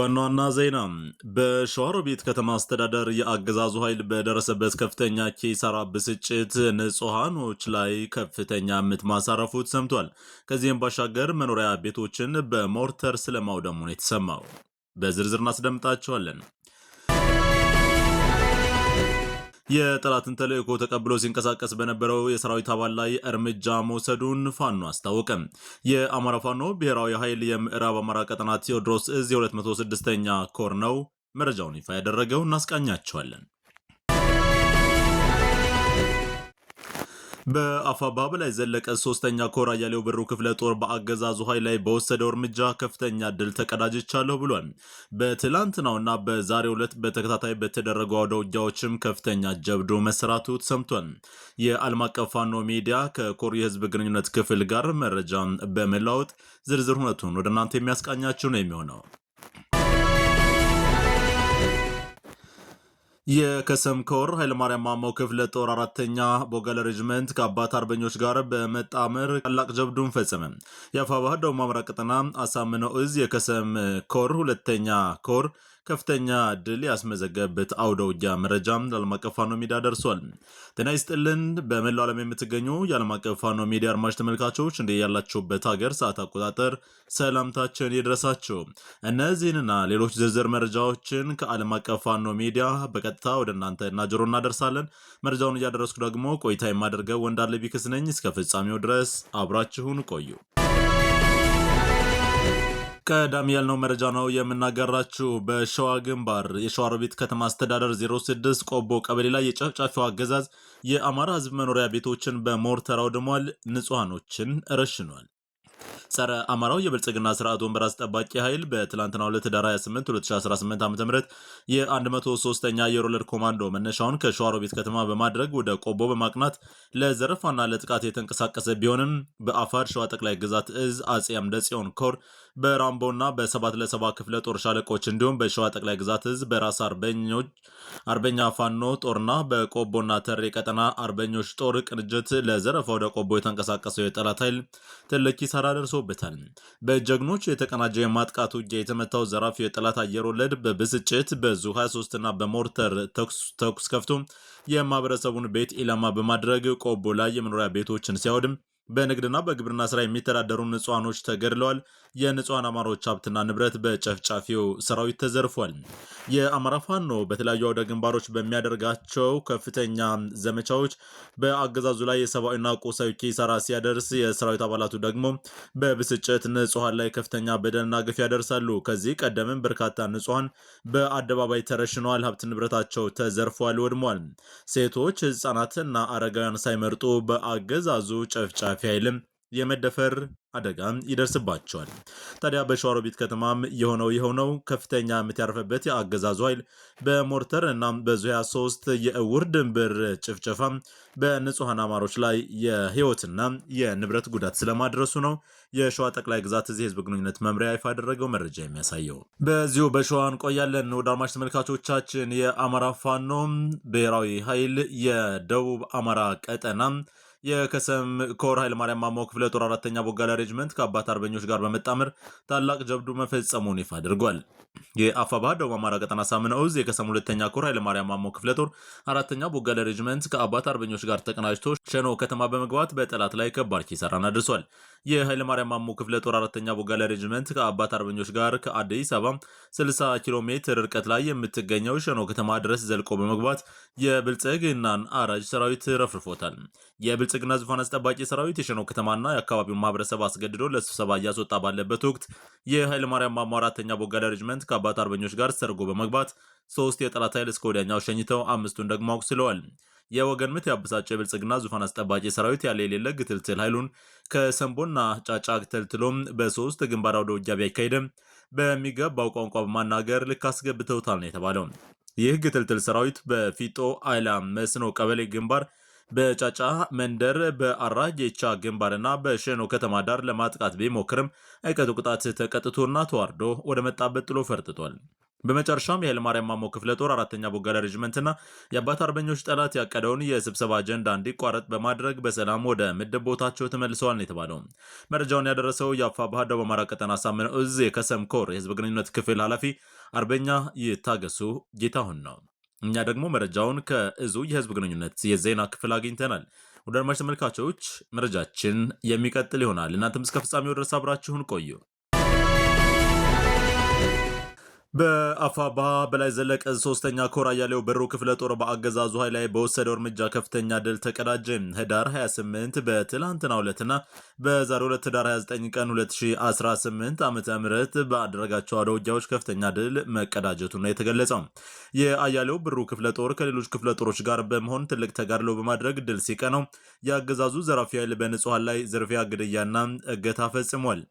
ዋና ዋና ዜና በሸዋሮቢት ከተማ አስተዳደር የአገዛዙ ኃይል በደረሰበት ከፍተኛ ኪሳራ ብስጭት ንጹሐኖች ላይ ከፍተኛ ምት ማሳረፉ ሰምቷል። ከዚህም ባሻገር መኖሪያ ቤቶችን በሞርተር ስለማውደሙ ነው የተሰማው። በዝርዝር እናስደምጣቸዋለን። የጠላትን ተልእኮ ተቀብሎ ሲንቀሳቀስ በነበረው የሰራዊት አባል ላይ እርምጃ መውሰዱን ፋኖ አስታወቀ። የአማራ ፋኖ ብሔራዊ ኃይል የምዕራብ አማራ ቀጠና ቴዎድሮስ እዝ 206 ኛ ኮር ነው መረጃውን ይፋ ያደረገው። እናስቃኛቸዋለን። በአፋባ በላይ ዘለቀ ሶስተኛ ኮር አያሌው ብሩ ክፍለ ጦር በአገዛዙ ኃይል ላይ በወሰደው እርምጃ ከፍተኛ ድል ተቀዳጅቻለሁ ብሏል። በትላንትናውና በዛሬው ዕለት በተከታታይ በተደረጉ አውደ ውጊያዎችም ከፍተኛ ጀብዶ መሰራቱ ሰምቷል። የዓለም አቀፍ ፋኖ ሚዲያ ከኮር የህዝብ ግንኙነት ክፍል ጋር መረጃ በመለዋወጥ ዝርዝር ሁነቱን ወደ እናንተ የሚያስቃኛችሁ ነው የሚሆነው። የከሰም ኮር ኃይለማርያም ማሞ ክፍለ ጦር አራተኛ ቦገለ ሬጅመንት ከአባት አርበኞች ጋር በመጣመር ታላቅ ጀብዱን ፈጸመ። የአፋ ባህር ደቡብ አማራ ቀጠና አሳምነው እዝ የከሰም ኮር ሁለተኛ ኮር ከፍተኛ ድል ያስመዘገበት አውደ ውጊያ መረጃም ለዓለም አቀፍ ፋኖ ሚዲያ ደርሷል። ጤና ይስጥልን በመላው ዓለም የምትገኙ የዓለም አቀፍ ፋኖ ሚዲያ አድማጭ ተመልካቾች እንደ ያላችሁበት ሀገር ሰዓት አቆጣጠር ሰላምታችን ይድረሳችሁ። እነዚህንና ሌሎች ዝርዝር መረጃዎችን ከዓለም አቀፍ ፋኖ ሚዲያ በቀጥታ ወደ እናንተ እና እናደርሳለን። መረጃውን እያደረስኩ ደግሞ ቆይታ የማደርገው ወንዳለ ቢክስ ነኝ። እስከ ፍጻሜው ድረስ አብራችሁን ቆዩ። ቀዳሚ ያልነው መረጃ ነው የምናገራችሁ። በሸዋ ግንባር ሮቢት ከተማ አስተዳደር 06 ቆቦ ቀበሌ ላይ የጨፍጫፊው አገዛዝ የአማራ ሕዝብ መኖሪያ ቤቶችን በሞርተር አውድሟል፣ ንጹሐኖችን ረሽኗል። ጸረ አማራው የብልጽግና ስርዓት ወንበር አስጠባቂ ኃይል በትላንትና ሁለት ዳር 28 2018 ዓ ም የ103ኛ አየር ወለድ ኮማንዶ መነሻውን ከሸዋሮቢት ከተማ በማድረግ ወደ ቆቦ በማቅናት ለዘረፋና ለጥቃት የተንቀሳቀሰ ቢሆንም በአፋር ሸዋ ጠቅላይ ግዛት እዝ አጼ አምደ ጽዮን ኮር በራምቦና በሰባት ለሰባ ክፍለ ጦር ሻለቆች እንዲሁም በሸዋ ጠቅላይ ግዛት እዝ በራስ አርበኞች አርበኛ ፋኖ ጦርና በቆቦና ተሬ ቀጠና አርበኞች ጦር ቅንጅት ለዘረፋ ወደ ቆቦ የተንቀሳቀሰው የጠላት ኃይል ትልቅ ኪሳራ ደርሶበታል። በጀግኖች የተቀናጀ የማጥቃት ውጊያ የተመታው ዘራፊ የጠላት አየር ወለድ በብስጭት በዙ 23ና በሞርተር ተኩስ ከፍቶ የማህበረሰቡን ቤት ኢላማ በማድረግ ቆቦ ላይ የመኖሪያ ቤቶችን ሲያወድም በንግድና በግብርና ስራ የሚተዳደሩ ንጹሃኖች ተገድለዋል። የንጹሃን አማሮች ሀብትና ንብረት በጨፍጫፊው ሰራዊት ተዘርፏል። የአማራ ፋኖ በተለያዩ አውደ ግንባሮች በሚያደርጋቸው ከፍተኛ ዘመቻዎች በአገዛዙ ላይ የሰብአዊና ቁሳዊ ኪሳራ ሲያደርስ፣ የሰራዊት አባላቱ ደግሞ በብስጭት ንጹሃን ላይ ከፍተኛ በደልና ግፍ ያደርሳሉ። ከዚህ ቀደምም በርካታ ንጹሃን በአደባባይ ተረሽነዋል። ሀብት ንብረታቸው ተዘርፏል፣ ወድሟል። ሴቶች ህጻናትና አረጋውያን ሳይመርጡ በአገዛዙ ጨፍጫፊ አይልም የመደፈር አደጋ ይደርስባቸዋል። ታዲያ በሸዋሮቢት ከተማም የሆነው የሆነው ከፍተኛ ምት ያረፈበት የአገዛዙ ኃይል በሞርተር እና በዙያ 23 የእውር ድንብር ጭፍጨፋ በንጹሐን አማሮች ላይ የህይወትና የንብረት ጉዳት ስለማድረሱ ነው የሸዋ ጠቅላይ ግዛት እዚህ ህዝብ ግንኙነት መምሪያ ይፋ ያደረገው መረጃ የሚያሳየው። በዚሁ በሸዋ እንቆያለን። ወደ አድማጭ ተመልካቾቻችን የአማራ ፋኖ ብሔራዊ ኃይል የደቡብ አማራ ቀጠና የከሰም ኮር ኃይለማርያም ማሞ ክፍለ ጦር አራተኛ ቦጋላ ሬጅመንት ከአባት አርበኞች ጋር በመጣመር ታላቅ ጀብዱ መፈጸሙን ይፋ አድርጓል። የአፋባ ደቡብ አማራ ቀጠና ሳምነ ዕዝ የከሰም ሁለተኛ ኮር ኃይለማርያም ማሞ ክፍለ ጦር አራተኛ ቦጋላ ሬጅመንት ከአባት አርበኞች ጋር ተቀናጅቶ ሸኖ ከተማ በመግባት በጠላት ላይ ከባድ ኪሳራን አድርሷል። የኃይለማርያም ማሞ ክፍለ ጦር አራተኛ ቦጋላ ሬጅመንት ከአባት አርበኞች ጋር ከአዲስ አበባ 60 ኪሎ ሜትር ርቀት ላይ የምትገኘው ሸኖ ከተማ ድረስ ዘልቆ በመግባት የብልጽግናን አራጅ ሰራዊት ረፍርፎታል። የብልጽግና ዙፋን አስጠባቂ ሰራዊት የሸኖ ከተማና የአካባቢውን ማህበረሰብ አስገድዶ ለስብሰባ እያስወጣ ባለበት ወቅት የኃይለማርያም ማሞ አራተኛ ቦጋዳ ሬጅመንት ከአባት አርበኞች ጋር ሰርጎ በመግባት ሶስት የጠላት ኃይል እስከ ወዲያኛው ሸኝተው አምስቱን ደግሞ አቁስለዋል። የወገን ምት ያበሳጨው የብልጽግና ዙፋን አስጠባቂ ሰራዊት ያለ የሌለ ግትልትል ኃይሉን ከሰንቦና ጫጫ ተልትሎም በሶስት ግንባር አውደ ውጊያ ቢያካሄድም በሚገባው ቋንቋ በማናገር ልክ አስገብተውታል ነው የተባለው። ይህ ግትልትል ሰራዊት በፊጦ አይላ መስኖ ቀበሌ ግንባር በጫጫ መንደር በአራጌቻ ግንባርና በሸኖ ከተማ ዳር ለማጥቃት ቢሞክርም እቀቱ ቅጣት ተቀጥቶና ተዋርዶ ወደ መጣበት ጥሎ ፈርጥቷል። በመጨረሻም የኃይለማርያም ማሞ ክፍለ ጦር አራተኛ ቦጋለ ሬጅመንትና የአባት አርበኞች ጠላት ያቀደውን የስብሰባ አጀንዳ እንዲቋረጥ በማድረግ በሰላም ወደ ምድብ ቦታቸው ተመልሰዋል ነው የተባለው። መረጃውን ያደረሰው የአፋ ባህዳው በአማራ ቀጠና ሳምነው እዝ የከሰም ኮር የህዝብ ግንኙነት ክፍል ኃላፊ አርበኛ ይታገሱ ጌታሁን ነው። እኛ ደግሞ መረጃውን ከእዙ የህዝብ ግንኙነት የዜና ክፍል አግኝተናል። ወደ አድማጭ ተመልካቾች መረጃችን የሚቀጥል ይሆናል። እናንተም እስከ ፍጻሜው ድረስ አብራችሁን ቆዩ። በአፋባ በላይ ዘለቀ ሶስተኛ ኮር አያሌው ብሩ ክፍለ ጦር በአገዛዙ ኃይል ላይ በወሰደው እርምጃ ከፍተኛ ድል ተቀዳጀ። ህዳር 28 በትላንትናው ዕለትና በዛሬ ዕለት ህዳር 29 ቀን 2018 ዓ ም በአደረጋቸው አውደ ውጊያዎች ከፍተኛ ድል መቀዳጀቱ ነው የተገለጸው። የአያሌው ብሩ ክፍለ ጦር ከሌሎች ክፍለ ጦሮች ጋር በመሆን ትልቅ ተጋድሎ በማድረግ ድል ሲቀነው የአገዛዙ ዘራፊ ኃይል በንጹሐን ላይ ዝርፊያ፣ ግድያና እገታ ፈጽሟል።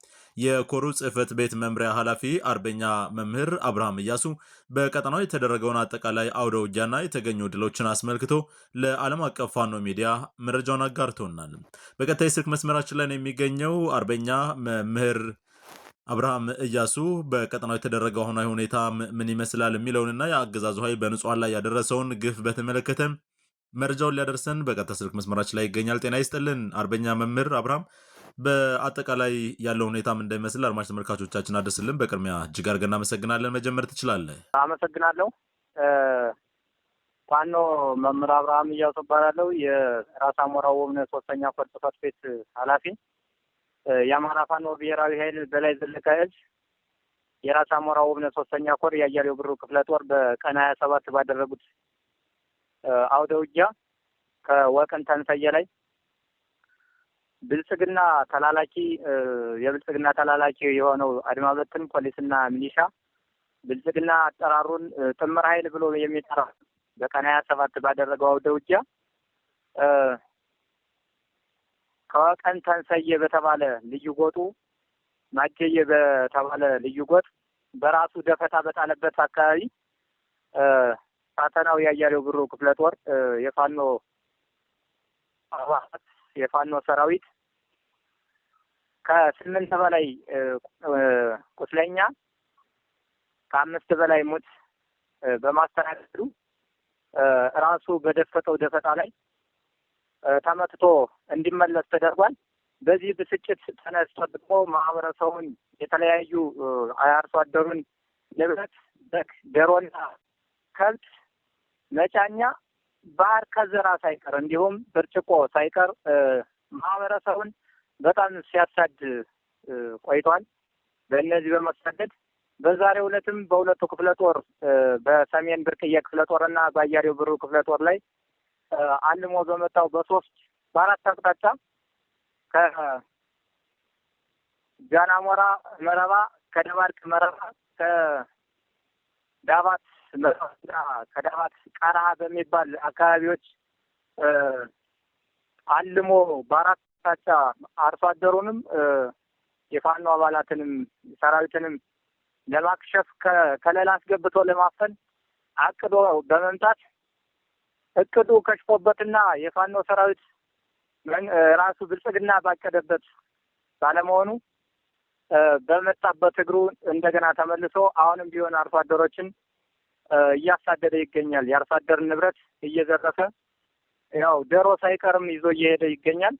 የኮሩ ጽህፈት ቤት መምሪያ ኃላፊ አርበኛ መምህር አብርሃም እያሱ በቀጠናው የተደረገውን አጠቃላይ አውደ ውጊያና የተገኙ ድሎችን አስመልክቶ ለዓለም አቀፍ ፋኖ ሚዲያ መረጃውን አጋርቶናል። በቀጣይ ስልክ መስመራችን ላይ ነው የሚገኘው አርበኛ መምህር አብርሃም እያሱ በቀጠናው የተደረገው አሁናዊ ሁኔታ ምን ይመስላል የሚለውንና የአገዛዙ ኃይል በንጹሐን ላይ ያደረሰውን ግፍ በተመለከተ መረጃውን ሊያደርሰን በቀጥታ ስልክ መስመራችን ላይ ይገኛል። ጤና ይስጥልን አርበኛ መምህር አብርሃም በአጠቃላይ ያለው ሁኔታም እንዳይመስል አድማጭ ተመልካቾቻችን አደስልን በቅድሚያ እጅግ አድርገን እናመሰግናለን። መጀመር ትችላለህ። አመሰግናለሁ። ፋኖ መምህር አብርሃም እያሱ እባላለሁ። የራስ አሞራ ወብነ ሶስተኛ ኮር ጽሕፈት ቤት ኃላፊ የአማራ ፋኖ ብሔራዊ ኃይል በላይ ዘለቀ እዝ የራስ አሞራ ወብነ ሶስተኛ ኮር የአያሌው ብሩ ክፍለ ጦር በቀን ሀያ ሰባት ባደረጉት አውደ ውጊያ ከወቅን ተንሰየ ላይ ብልጽግና ተላላኪ የብልጽግና ተላላኪ የሆነው አድማ በትን ፖሊስና ሚኒሻ ብልጽግና አጠራሩን ጥምር ኃይል ብሎ የሚጠራ በቀን ሀያ ሰባት ባደረገው አውደ ውጊያ ከቀን ተንሰየ በተባለ ልዩ ጎጡ ማጀየ በተባለ ልዩ ጎጥ በራሱ ደፈታ በጣለበት አካባቢ ሳተናው ያያሌው ብሩ ክፍለ ጦር የፋኖ አባላት የፋኖ ሰራዊት ከስምንት በላይ ቁስለኛ ከአምስት በላይ ሞት በማስተናገዱ ራሱ በደፈጠው ደፈጣ ላይ ተመትቶ እንዲመለስ ተደርጓል። በዚህ ብስጭት ተነስቶ ደግሞ ማህበረሰቡን የተለያዩ አርሶ አደሩን ንብረት በግ፣ ደሮና ከብት መጫኛ ባህር ከዘራ ሳይቀር እንዲሁም ብርጭቆ ሳይቀር ማህበረሰቡን በጣም ሲያሳድ ቆይቷል። በእነዚህ በመሳደድ በዛሬ ዕለትም በሁለቱ ክፍለ ጦር በሰሜን ብርቅዬ ክፍለ ጦር እና በአያሬው ብሩ ክፍለ ጦር ላይ አልሞ በመጣው በሶስት በአራት አቅጣጫ ከጃናሞራ መረባ፣ ከደባርቅ መረባ፣ ዳባት መና ከዳባት ቀረሃ በሚባል አካባቢዎች አልሞ በአራት አቅጣጫ አርሶ አደሩንም የፋኖ አባላትንም ሰራዊትንም ለማክሸፍ ከለላ አስገብቶ ለማፈን አቅዶ በመምጣት እቅዱ ከሽፎበትና የፋኖ ሰራዊት ራሱ ብልጽግና ባቀደበት ባለመሆኑ በመጣበት እግሩ እንደገና ተመልሶ አሁንም ቢሆን አርሶ አደሮችን እያሳደደ ይገኛል። የአርሶ አደር ንብረት እየዘረፈ ያው ዶሮ ሳይቀርም ይዞ እየሄደ ይገኛል።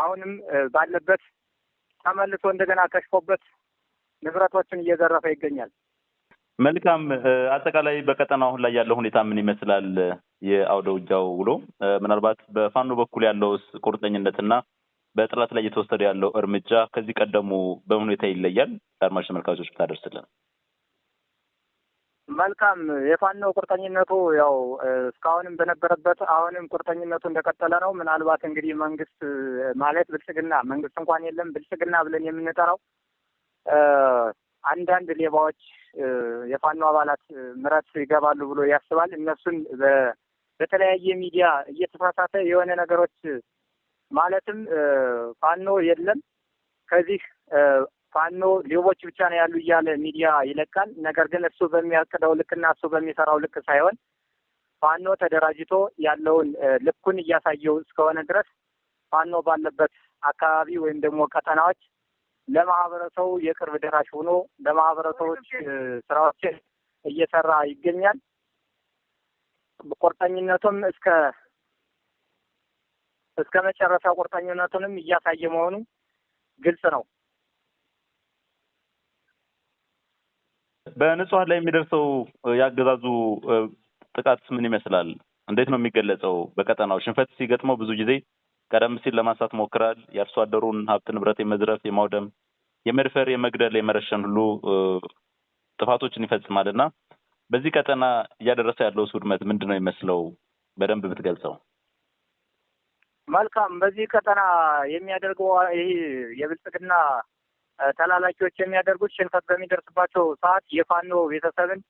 አሁንም ባለበት ተመልሶ እንደገና ከሽፎበት ንብረቶችን እየዘረፈ ይገኛል። መልካም። አጠቃላይ በቀጠናው አሁን ላይ ያለው ሁኔታ ምን ይመስላል? የአውደ ውጊያው ውሎ ምናልባት በፋኖ በኩል ያለውስ ቁርጠኝነትና በጥላት ላይ እየተወሰደ ያለው እርምጃ ከዚህ ቀደሙ በምን ሁኔታ ይለያል? ለአድማጭ ተመልካቾች ብታደርስልን። መልካም የፋኖ ቁርጠኝነቱ ያው እስካሁንም በነበረበት አሁንም ቁርጠኝነቱ እንደቀጠለ ነው። ምናልባት እንግዲህ መንግስት ማለት ብልጽግና መንግስት እንኳን የለም ብልጽግና ብለን የምንጠራው አንዳንድ ሌባዎች የፋኖ አባላት ምረት ይገባሉ ብሎ ያስባል። እነሱን በተለያየ ሚዲያ እየተሳሳተ የሆነ ነገሮች ማለትም ፋኖ የለም ከዚህ ፋኖ ሌቦች ብቻ ነው ያሉ እያለ ሚዲያ ይለቃል። ነገር ግን እሱ በሚያቅደው ልክና እሱ በሚሰራው ልክ ሳይሆን ፋኖ ተደራጅቶ ያለውን ልኩን እያሳየው እስከሆነ ድረስ ፋኖ ባለበት አካባቢ ወይም ደግሞ ቀጠናዎች ለማህበረሰቡ የቅርብ ደራሽ ሆኖ ለማህበረሰቦች ስራዎችን እየሰራ ይገኛል። በቁርጠኝነቱም እስከ እስከ መጨረሻ ቁርጠኝነቱንም እያሳየ መሆኑ ግልጽ ነው። በንጹሀን ላይ የሚደርሰው የአገዛዙ ጥቃት ምን ይመስላል? እንዴት ነው የሚገለጸው? በቀጠናው ሽንፈት ሲገጥመው ብዙ ጊዜ ቀደም ሲል ለማንሳት ሞክራል። የአርሶ አደሩን ሀብት ንብረት የመዝረፍ፣ የማውደም፣ የመድፈር፣ የመግደል፣ የመረሸን ሁሉ ጥፋቶችን ይፈጽማል እና በዚህ ቀጠና እያደረሰ ያለው ውድመት ምንድን ነው ይመስለው በደንብ የምትገልጸው? መልካም። በዚህ ቀጠና የሚያደርገው ይህ የብልጽግና ተላላኪዎች የሚያደርጉት ሽንፈት በሚደርስባቸው ሰዓት የፋኖ ቤተሰብን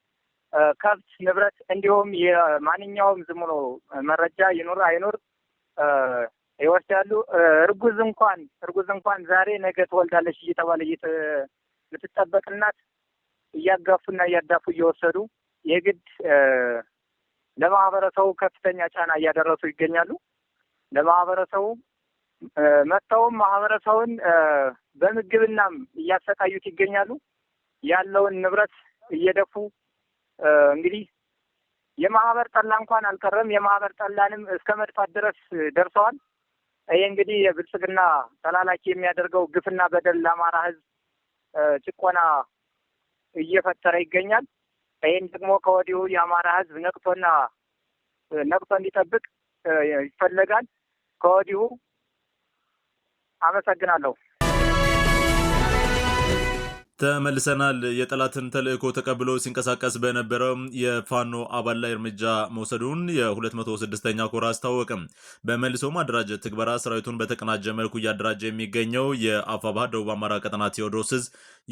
ከብት፣ ንብረት እንዲሁም የማንኛውም ዝም ብሎ መረጃ ይኑር አይኑር ይወስዳሉ። እርጉዝ እንኳን እርጉዝ እንኳን ዛሬ ነገ ትወልዳለች እየተባለ የምትጠበቅናት እያጋፉና እያዳፉ እየወሰዱ የግድ ለማህበረሰቡ ከፍተኛ ጫና እያደረሱ ይገኛሉ። ለማህበረሰቡ መጥተውም ማህበረሰቡን በምግብናም እያሰቃዩት ይገኛሉ። ያለውን ንብረት እየደፉ እንግዲህ የማህበር ጠላ እንኳን አልቀረም። የማህበር ጠላንም እስከ መድፋት ድረስ ደርሰዋል። ይህ እንግዲህ የብልጽግና ተላላኪ የሚያደርገው ግፍና በደል ለአማራ ህዝብ ጭቆና እየፈጠረ ይገኛል። ይህን ደግሞ ከወዲሁ የአማራ ህዝብ ነቅቶና ነቅቶ እንዲጠብቅ ይፈለጋል። ከወዲሁ አመሰግናለሁ። ተመልሰናል። የጠላትን ተልእኮ ተቀብሎ ሲንቀሳቀስ በነበረው የፋኖ አባል ላይ እርምጃ መውሰዱን የ206ኛ ኮር አስታወቅም። በመልሶ ማደራጀት ትግበራ ሰራዊቱን በተቀናጀ መልኩ እያደራጀ የሚገኘው የአፋባ ደቡብ አማራ ቀጠና ቴዎድሮስ ዕዝ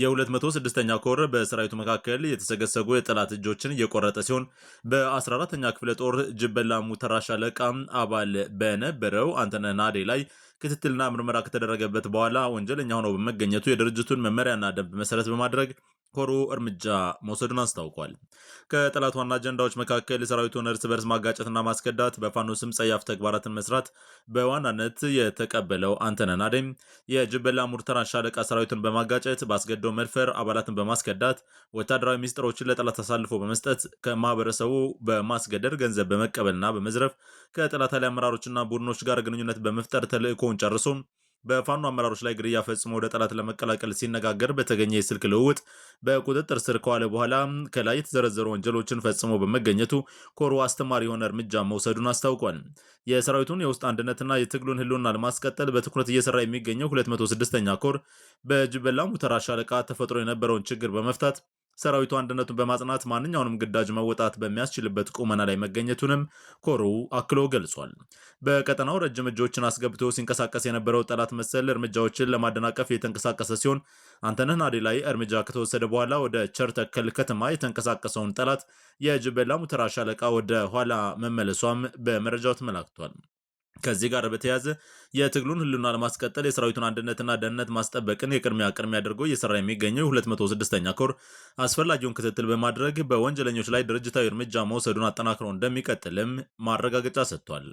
የ206ኛ ኮር በሰራዊቱ መካከል የተሰገሰጉ የጠላት እጆችን እየቆረጠ ሲሆን በ14ኛ ክፍለ ጦር ጅበላሙ ተራሻ ሻለቃ አባል በነበረው አንተነህ ናዴ ላይ ክትትልና ምርመራ ከተደረገበት በኋላ ወንጀለኛ ሆኖ በመገኘቱ የድርጅቱን መመሪያና ደንብ መሰረት በማድረግ ኮሩ እርምጃ መውሰዱን አስታውቋል። ከጠላት ዋና አጀንዳዎች መካከል የሰራዊቱን እርስ በርስ ማጋጨትና ማስከዳት፣ በፋኖ ስም ጸያፍ ተግባራትን መስራት በዋናነት የተቀበለው አንተነህ ናዴም የጅበላ ሙርተራ ሻለቃ ሰራዊቱን በማጋጨት በአስገድዶ መድፈር አባላትን በማስከዳት ወታደራዊ ሚስጥሮችን ለጠላት አሳልፎ በመስጠት ከማህበረሰቡ በማስገደድ ገንዘብ በመቀበልና በመዝረፍ ከጠላት ላይ አመራሮችና ቡድኖች ጋር ግንኙነት በመፍጠር ተልእኮውን ጨርሶ በፋኖ አመራሮች ላይ ግድያ ፈጽሞ ወደ ጠላት ለመቀላቀል ሲነጋገር በተገኘ የስልክ ልውውጥ በቁጥጥር ስር ከዋለ በኋላ ከላይ የተዘረዘሩ ወንጀሎችን ፈጽሞ በመገኘቱ ኮሩ አስተማሪ የሆነ እርምጃ መውሰዱን አስታውቋል። የሰራዊቱን የውስጥ አንድነትና የትግሉን ህልውና ለማስቀጠል በትኩረት እየሰራ የሚገኘው 206ኛ ኮር በጅበላ ሙተራ ሻለቃ ተፈጥሮ የነበረውን ችግር በመፍታት ሰራዊቱ አንድነቱን በማጽናት ማንኛውንም ግዳጅ መወጣት በሚያስችልበት ቁመና ላይ መገኘቱንም ኮሩ አክሎ ገልጿል። በቀጠናው ረጅም እጆችን አስገብቶ ሲንቀሳቀስ የነበረው ጠላት መሰል እርምጃዎችን ለማደናቀፍ የተንቀሳቀሰ ሲሆን አንተነህ ናዴ ላይ እርምጃ ከተወሰደ በኋላ ወደ ቸርተከል ከተማ የተንቀሳቀሰውን ጠላት የጅበላ ሙተራ ሻለቃ ወደ ኋላ መመለሷም በመረጃው ተመላክቷል። ከዚህ ጋር በተያያዘ የትግሉን ህልውና ለማስቀጠል የሰራዊቱን አንድነትና ደህንነት ማስጠበቅን የቅድሚያ ቅድሚያ አድርጎ እየሰራ የሚገኘው የ206ኛ ኮር አስፈላጊውን ክትትል በማድረግ በወንጀለኞች ላይ ድርጅታዊ እርምጃ መውሰዱን አጠናክሮ እንደሚቀጥልም ማረጋገጫ ሰጥቷል።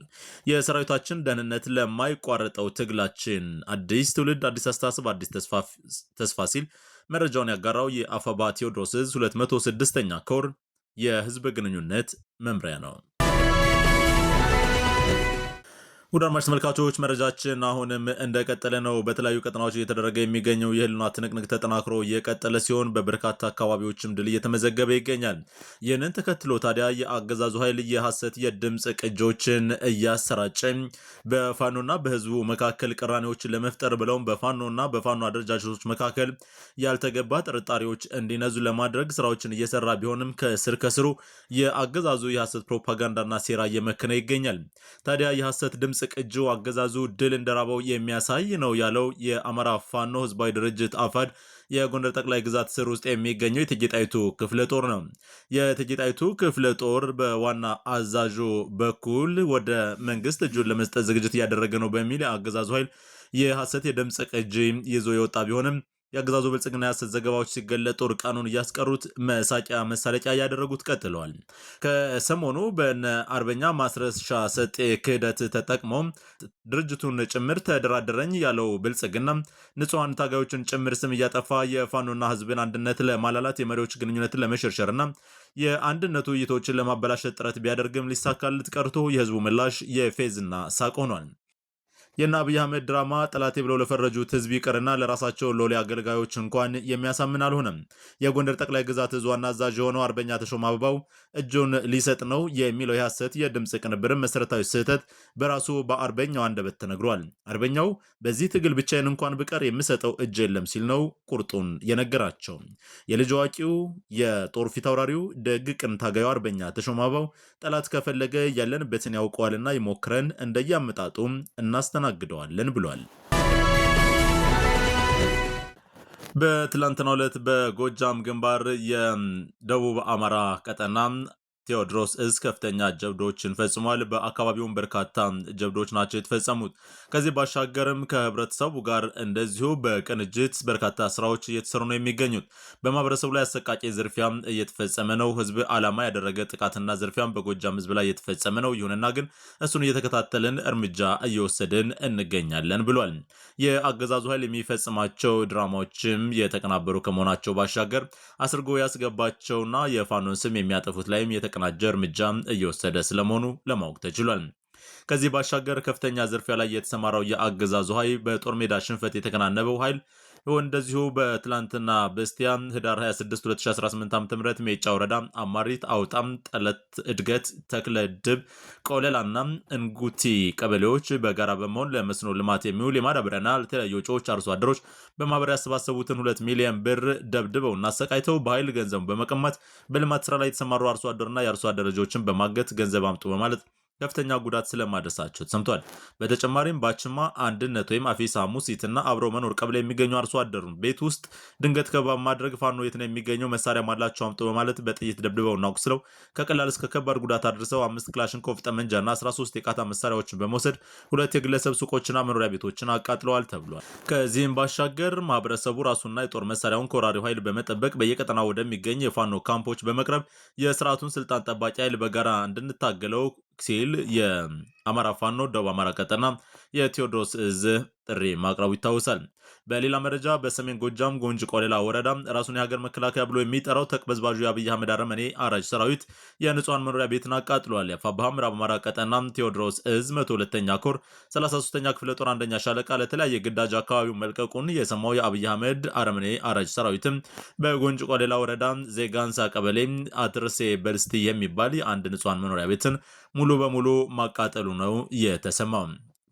የሰራዊታችን ደህንነት ለማይቋረጠው ትግላችን አዲስ ትውልድ፣ አዲስ አስተሳሰብ፣ አዲስ ተስፋ ሲል መረጃውን ያጋራው የአፋባ ቴዎድሮስ 206ኛ ኮር የህዝብ ግንኙነት መምሪያ ነው። ውድ አድማጭ ተመልካቾች መረጃችን አሁንም እንደቀጠለ ነው። በተለያዩ ቀጠናዎች እየተደረገ የሚገኘው የህልና ትንቅንቅ ተጠናክሮ እየቀጠለ ሲሆን በበርካታ አካባቢዎችም ድል እየተመዘገበ ይገኛል። ይህንን ተከትሎ ታዲያ የአገዛዙ ኃይል የሐሰት የድምፅ ቅጆችን እያሰራጨ በፋኖና በህዝቡ መካከል ቅራኔዎችን ለመፍጠር ብለውም በፋኖና በፋኖ አደረጃጀቶች መካከል ያልተገባ ጥርጣሬዎች እንዲነዙ ለማድረግ ስራዎችን እየሰራ ቢሆንም ከስር ከስሩ የአገዛዙ የሐሰት ፕሮፓጋንዳና ሴራ እየመከነ ይገኛል። ታዲያ የሐሰት ድምፅ ቅጂው አገዛዙ ድል እንደራበው የሚያሳይ ነው ያለው የአማራ ፋኖ ህዝባዊ ድርጅት አፋድ የጎንደር ጠቅላይ ግዛት ስር ውስጥ የሚገኘው የእቴጌጣይቱ ክፍለ ጦር ነው። የእቴጌጣይቱ ክፍለ ጦር በዋና አዛዡ በኩል ወደ መንግስት እጁን ለመስጠት ዝግጅት እያደረገ ነው በሚል የአገዛዙ ኃይል የሐሰት የድምፅ ቅጂ ይዞ የወጣ ቢሆንም የአገዛዙ ብልጽግና ያሰት ዘገባዎች ሲገለጡ እርቃኑን እያስቀሩት መሳቂያ መሳለቂያ እያደረጉት ቀጥለዋል። ከሰሞኑ በነ አርበኛ ማስረሻ ሰጤ ክህደት ተጠቅመው ድርጅቱን ጭምር ተደራደረኝ ያለው ብልጽግና ንጹሐን ታጋዮችን ጭምር ስም እያጠፋ የፋኖና ህዝብን አንድነት ለማላላት የመሪዎች ግንኙነትን ለመሸርሸርና የአንድነቱ ውይይቶችን ለማበላሸት ጥረት ቢያደርግም ሊሳካልት ቀርቶ የህዝቡ ምላሽ የፌዝና ሳቅ ሆኗል። የእነ አብይ አህመድ ድራማ ጠላቴ ብለው ለፈረጁት ህዝብ ይቅርና ለራሳቸው ሎሌ አገልጋዮች እንኳን የሚያሳምን አልሆነም። የጎንደር ጠቅላይ ግዛት እዝ ዋና አዛዥ የሆነው አርበኛ ተሾማ አበባው እጁን ሊሰጥ ነው የሚለው የሐሰት የድምፅ ቅንብርን መሰረታዊ ስህተት በራሱ በአርበኛው አንደበት ተነግሯል። አርበኛው በዚህ ትግል ብቻዬን እንኳን ብቀር የምሰጠው እጅ የለም ሲል ነው ቁርጡን የነገራቸው። የልጅ አዋቂው የጦር ፊት አውራሪው ደግ ቅን ታጋዩ አርበኛ ተሾም አበባው ጠላት ከፈለገ ያለንበትን ያውቀዋልና ይሞክረን እንደየአመጣጡ እናስተና እናስተናግደዋለን ብሏል። በትላንትናው ዕለት በጎጃም ግንባር የደቡብ አማራ ቀጠና ቴዎድሮስ እዝ ከፍተኛ ጀብዶችን ፈጽሟል። በአካባቢውም በርካታ ጀብዶች ናቸው የተፈጸሙት። ከዚህ ባሻገርም ከህብረተሰቡ ጋር እንደዚሁ በቅንጅት በርካታ ስራዎች እየተሰሩ ነው የሚገኙት። በማህበረሰቡ ላይ አሰቃቂ ዝርፊያ እየተፈጸመ ነው። ህዝብ ዓላማ ያደረገ ጥቃትና ዝርፊያም በጎጃም ህዝብ ላይ እየተፈጸመ ነው። ይሁንና ግን እሱን እየተከታተልን እርምጃ እየወሰድን እንገኛለን ብሏል። የአገዛዙ ኃይል የሚፈጽማቸው ድራማዎችም የተቀናበሩ ከመሆናቸው ባሻገር አስርጎ ያስገባቸውና የፋኖን ስም የሚያጠፉት ላይም የተቀናጀ እርምጃ እየወሰደ ስለመሆኑ ለማወቅ ተችሏል። ከዚህ ባሻገር ከፍተኛ ዝርፊያ ላይ የተሰማራው የአገዛዙ ኃይል በጦር ሜዳ ሽንፈት የተከናነበው ኃይል እንደዚሁ በትላንትና በስቲያ ህዳር 26 2018 ዓ.ም ሜጫ ወረዳ አማሪት አውጣም፣ ጠለት እድገት፣ ተክለ ድብ፣ ቆለላና እንጉቲ ቀበሌዎች በጋራ በመሆን ለመስኖ ልማት የሚውል የማዳበሪያና ለተለያዩ ወጪዎች አርሶ አደሮች በማህበር ያሰባሰቡትን ሁለት ሚሊዮን ብር ደብድበውና አሰቃይተው በኃይል ገንዘቡ በመቀማት በልማት ስራ ላይ የተሰማሩ አርሶ አደርና የአርሶ አደር ልጆችን በማገት ገንዘብ አምጡ በማለት ከፍተኛ ጉዳት ስለማድረሳቸው ተሰምቷል። በተጨማሪም ባችማ አንድነት ወይም አፊሳ ሙሲትና አብሮ መኖር ቀብለ የሚገኙ አርሶ አደሩን ቤት ውስጥ ድንገት ከባ ማድረግ ፋኖ የት ነው የሚገኘው መሳሪያ ማላቸው አምጡ በማለት በጥይት ደብድበውና አቁስለው ከቀላል እስከ ከባድ ጉዳት አድርሰው አምስት ክላሽንኮቭ ጠመንጃና 13 የቃታ መሳሪያዎችን በመውሰድ ሁለት የግለሰብ ሱቆችና መኖሪያ ቤቶችን አቃጥለዋል ተብሏል። ከዚህም ባሻገር ማህበረሰቡ ራሱና የጦር መሳሪያውን ከወራሪው ኃይል በመጠበቅ በየቀጠናው ወደሚገኝ የፋኖ ካምፖች በመቅረብ የስርዓቱን ስልጣን ጠባቂ ኃይል በጋራ እንድንታገለው ሲል አማራ ፋኖ ደቡብ አማራ ቀጠና የቴዎድሮስ እዝ ጥሪ ማቅረቡ ይታወሳል። በሌላ መረጃ በሰሜን ጎጃም ጎንጅ ቆሌላ ወረዳ ራሱን የሀገር መከላከያ ብሎ የሚጠራው ተቅበዝባዡ የአብይ አህመድ አረመኔ አራጅ ሰራዊት የንጹሐን መኖሪያ ቤትን አቃጥሏል። የፋባሃ ምዕራብ አማራ ቀጠና ቴዎድሮስ እዝ መቶ ሁለተኛ ኮር 33ኛ ክፍለ ጦር አንደኛ ሻለቃ ለተለያየ ግዳጅ አካባቢው መልቀቁን የሰማው የአብይ አህመድ አረመኔ አራጅ ሰራዊትም በጎንጅ ቆሌላ ወረዳ ዜጋንሳ ቀበሌ አትርሴ በልስቲ የሚባል የአንድ ንጹሐን መኖሪያ ቤትን ሙሉ በሙሉ ማቃጠሉ ነው የተሰማው።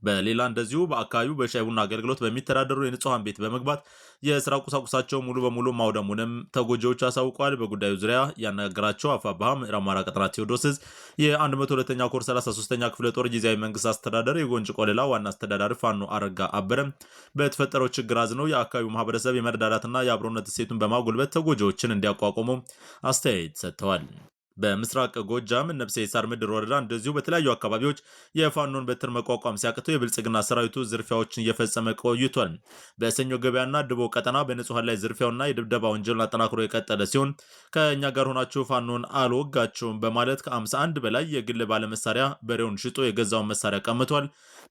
በሌላ እንደዚሁ በአካባቢው በሻይ ቡና አገልግሎት በሚተዳደሩ የንጹሐን ቤት በመግባት የስራ ቁሳቁሳቸው ሙሉ በሙሉ ማውደሙንም ተጎጂዎች አሳውቋል። በጉዳዩ ዙሪያ ያነጋገራቸው አፋባሃ ምዕራብ አማራ ቀጠና ቴዎድሮስዝ የ 12 ኛ ኮር 33ኛ ክፍለ ጦር ጊዜያዊ መንግስት አስተዳደር የጎንጭ ቆሌላ ዋና አስተዳዳሪ ፋኖ አረጋ አበረም በተፈጠረው ችግር አዝነው የአካባቢው ማህበረሰብ የመረዳዳትና የአብሮነት እሴቱን በማጉልበት ተጎጂዎችን እንዲያቋቁሙ አስተያየት ሰጥተዋል። በምስራቅ ጎጃም ነብሴ ሳር ምድር ወረዳ እንደዚሁ በተለያዩ አካባቢዎች የፋኖን በትር መቋቋም ሲያቅተው የብልጽግና ሰራዊቱ ዝርፊያዎችን እየፈጸመ ቆይቷል። በሰኞ ገበያና ድቦ ቀጠና በንጹሐን ላይ ዝርፊያውና የድብደባ ወንጀሉን አጠናክሮ የቀጠለ ሲሆን ከእኛ ጋር ሆናችሁ ፋኖን አልወጋችሁም በማለት ከ51 በላይ የግል ባለመሳሪያ በሬውን ሽጦ የገዛውን መሳሪያ ቀምቷል።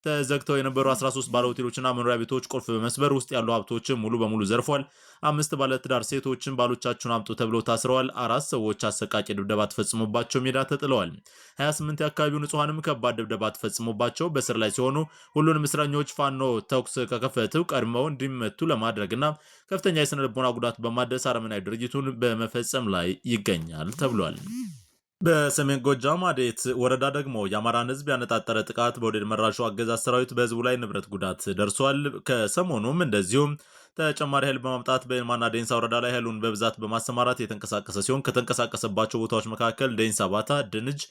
ተዘግተው የነበሩ 13 ባለሆቴሎችና መኖሪያ ቤቶች ቁልፍ በመስበር ውስጥ ያሉ ሀብቶችን ሙሉ በሙሉ ዘርፏል። አምስት ባለትዳር ሴቶችን ባሎቻችሁን አምጡ ተብለው ታስረዋል። አራት ሰዎች አሰቃቂ ድብደባ ተፈጽሞባቸው ሜዳ ተጥለዋል። 28 የአካባቢው ንጹሐንም ከባድ ድብደባ ተፈጽሞባቸው በስር ላይ ሲሆኑ ሁሉንም እስረኞች ፋኖ ተኩስ ከከፈተው ቀድመው እንዲመቱ ለማድረግና ከፍተኛ የስነ ልቦና ጉዳት በማድረስ አረመናዊ ድርጊቱን በመፈጸም ላይ ይገኛል ተብሏል። በሰሜን ጎጃም አዴት ወረዳ ደግሞ የአማራን ሕዝብ ያነጣጠረ ጥቃት በወደድ መራሹ አገዛዝ ሰራዊት በህዝቡ ላይ ንብረት ጉዳት ደርሷል። ከሰሞኑም እንደዚሁም ተጨማሪ ኃይል በማምጣት በኤልማና ዴንሳ ወረዳ ላይ ኃይሉን በብዛት በማሰማራት የተንቀሳቀሰ ሲሆን ከተንቀሳቀሰባቸው ቦታዎች መካከል ዴንሳ ባታ፣ ድንጅ፣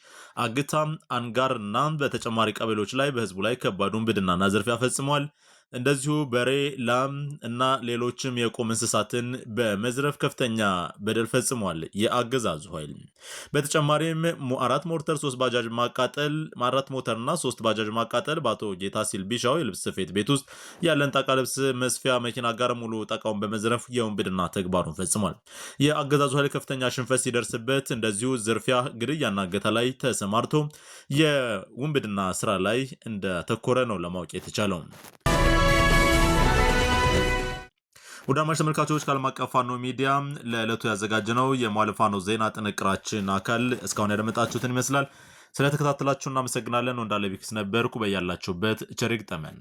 አግታ፣ አንጋር እና በተጨማሪ ቀበሌዎች ላይ በህዝቡ ላይ ከባድ ውንብድናና ዝርፊያ ፈጽሟል። እንደዚሁ በሬ፣ ላም እና ሌሎችም የቁም እንስሳትን በመዝረፍ ከፍተኛ በደል ፈጽሟል የአገዛዙ ኃይል። በተጨማሪም አራት ሞርተር፣ ሶስት ባጃጅ ማቃጠል፣ አራት ሞተርና ሶስት ባጃጅ ማቃጠል፣ በአቶ ጌታ ሲል ቢሻው የልብስ ስፌት ቤት ውስጥ ያለን ጣቃ ልብስ መስፊያ መኪና ጋር ሙሉ ጠቃውን በመዝረፍ የውንብድና ተግባሩን ፈጽሟል። የአገዛዙ ኃይል ከፍተኛ ሽንፈት ሲደርስበት እንደዚሁ ዝርፊያ፣ ግድያና እገታ ላይ ተሰማርቶ የውንብድና ስራ ላይ እንደተኮረ ነው ለማወቅ የተቻለው። ወደ ተመልካቾች ከዓለም አቀፍ ፋኖ ሚዲያ ለዕለቱ ያዘጋጀነው የሟለ ፋኖ ዜና ጥንቅራችን አካል እስካሁን ያደመጣችሁትን ይመስላል። ስለተከታተላችሁ እናመሰግናለን። ወንዳለ ቢክስ ነበርኩ። በያላችሁበት ቸር ይግጠመን።